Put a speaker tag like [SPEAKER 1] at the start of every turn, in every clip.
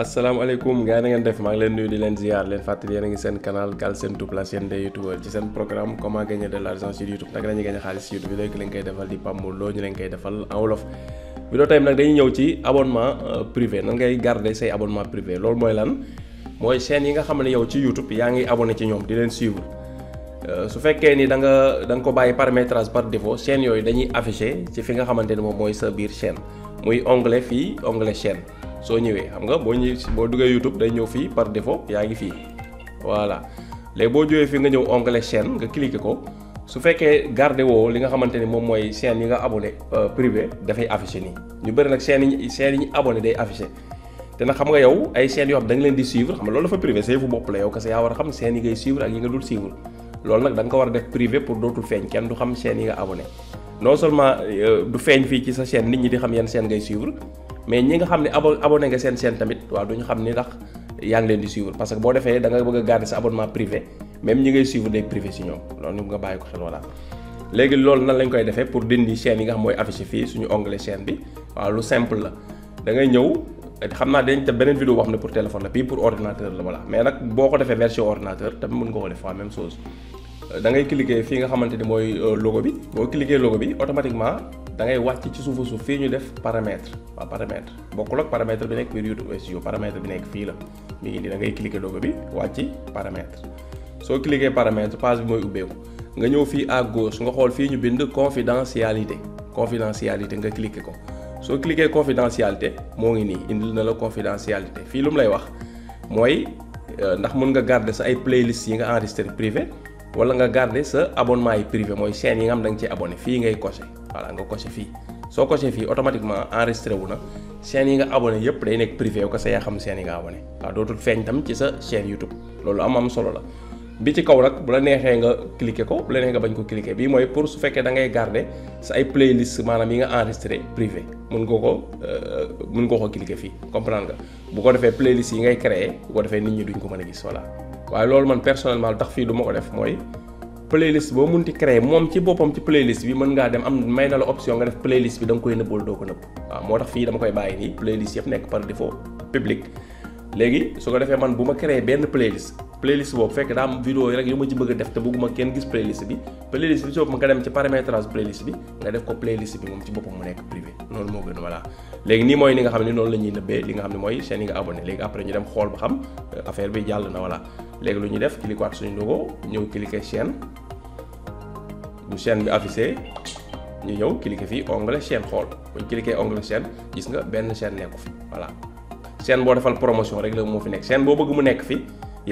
[SPEAKER 1] asalaamaaleykum gars yi na ngeen def maa ngi leen nuyu di leen ziar leen fàttali yéen a ngi seen canal Galsen Tube la chaîne des youtubeurs ci seen programme comment gagner de l'argent sur youtube naka la ñuy xaalis ci youtube léegi leen koy defal di Pape Mor Lo ñu leen koy defal en wolof vidéo tey nag dañuy ñëw ci abonnement euh, privé nan ngay garder say abonnement privé loolu mooy lan mooy chaîne yi nga xam ne yow ci youtube yaa ngi abonné ci ñoom di leen suivre euh, su fekkee ni da nga da ko bàyyi paramétrage par défaut chaîne yooyu dañuy affiché ci fi nga xamante ni moom mooy sa biir chaîne muy onglet fii onglet chaîne soo ñëwee xam nga boo ñëw boo duggee YouTube day ñëw fii par défaut yaa ngi fii voilà léegi boo jógee fii nga ñëw onglet chaîne nga cliqué ko su fekkee garde woo li nga xamante ni moom mooy chaîne yi nga abonné euh, privé dafay affiché nii ñu bëri nag chaîne yi chaîne yi ñu abonné day affiché te nag xam nga yow ay chaînes yoo xam xam nga loolu dafa privé sa yëfu bopp la yow kese yaa war a xam chaîne yi ngay suivre ak yi nga dul suivre loolu nag da nga war a def privé pour dootul feeñ kenn du xam chaîne yi nga abonné non seulement euh, du feeñ fii ci sa chaîne nit ñi di xam yan chaîne ngay suivre mais ñi nga xam ne abo abonné nga seen chaîne tamit waaw duñu xam ni ndax yaa ngi leen di suivre parce que boo defee da nga bëgg a garder sa abonnement privé même ñi ngay suivre day privé si ñoom loolu nga bàyyi ko xel voilà. léegi loolu nan lañ koy defee pour dindi chaîne yi nga xam mooy affiché fii suñu onglet chaîne bi waaw lu simple la da ngay ñëw xam naa dañ te beneen vidéo boo xam ne pour téléphone la bii pour ordinateur la voilà mais nag boo ko defee version ordinateur tamit mën nga ko def waaw même chose da ngay fii nga xamante ni mooy euh, logo bi boo cliquer logo bi automatiquement. da ngay wàcc ci suufa suuf fii ñu def paramètre waaw paramètre bokkul ak paramètre bi nekk biir YouTube studio paramètre bi nekk fii la mi ngi nii da ngay cliquer logo bi wàcc paramètre soo cliquer paramètre page bi mooy ubbeeku nga ñëw fii à gauche nga xool fii ñu bind confidencialité confidencialité nga cliquer ko soo cliquer confidentialité moo ngi nii indil na la confidencialité fii lu mu lay wax mooy euh, ndax mën nga garder sa ay playlist yi nga enregistré privé wala nga garder sa abonnement yi privé mooy chaîne yi nga xam da ci abonné fii ngay coché voilà nga coché fii soo coché fii automatiquement enregistré wu na chaîne yi nga abonné yëpp day nekk privé yow ko sa yaa xam chaîne yi nga abonné waaw dootul feeñ tam ci sa chaîne YouTube loolu am am solo la bi ci kaw nag bu la neexee nga cliquer ko bu la neexee nga bañ ko cliquer bii mooy pour su fekkee da ngay garder sa ay playlist maanaam yi nga enregistré privé mun nga ko euh, mun nga ko cliquer fii comprendre bu ko defee playlist yi ngay créer bu ko nit ñi duñ ko mën a gis voilà waaye loolu man personnellement tax fii du ma ko def mooy playlist boo munti créer moom ci boppam ci playlist bi mën ngaa dem am may na la option nga def playlist bi da nga koy nëbbool doo ko nëbb waaw moo tax fii dama koy bàyyi nii playlist yëpp nekk par défaut public léegi su ko defee man bu ma créé benn playlist playlist boobu fekk daa am vidéo yi rek yu ma ci bëgg a def te bëgguma kenn gis playlist bi playlist bi soo ma nga dem ci paramétrage playlist bi nga def ko playlist bi moom ci boppam mu nekk privé noonu moo gën voilà léegi nii mooy ni nga xam ne noonu la ñuy nëbbee li nga xam léegi après ñu dem xool ba xam euh, affaire bi jàll na voilà léegi lu ñuy def cliquer waat suñu logo ñëw cliquer chaîne bu chaîne bi affiché ñu ñëw cliquer fii onglet chaîne xool buñ cliquer onglet chaîne gis nga benn chaîne nekku fi voilà seen boo defal promotion rek la moo fi nekk chaîne boo bëgg mu nekk fi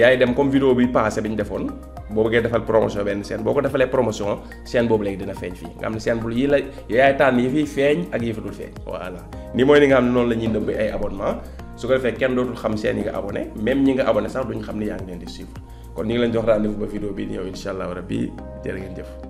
[SPEAKER 1] yaay dem comme vidéo bi passé bi ñu defoon boo bëggee defal promotion benn chaîne boobu léegi feeñ fii nga xam ne chaîne bu yi la yaay tànn yi fiy feeñ ak yi fi dul feeñ voilà ni mooy ni nga xam ne noonu la nëbb ay abonnement su ko defee kenn dootul xam chaîne yi nga abonné même ñi nga abonné sax duñu xam ne yaa ngi leen di suivre kon ñu leen jox rendez-vous ba vidéo bi di ñëw incha allah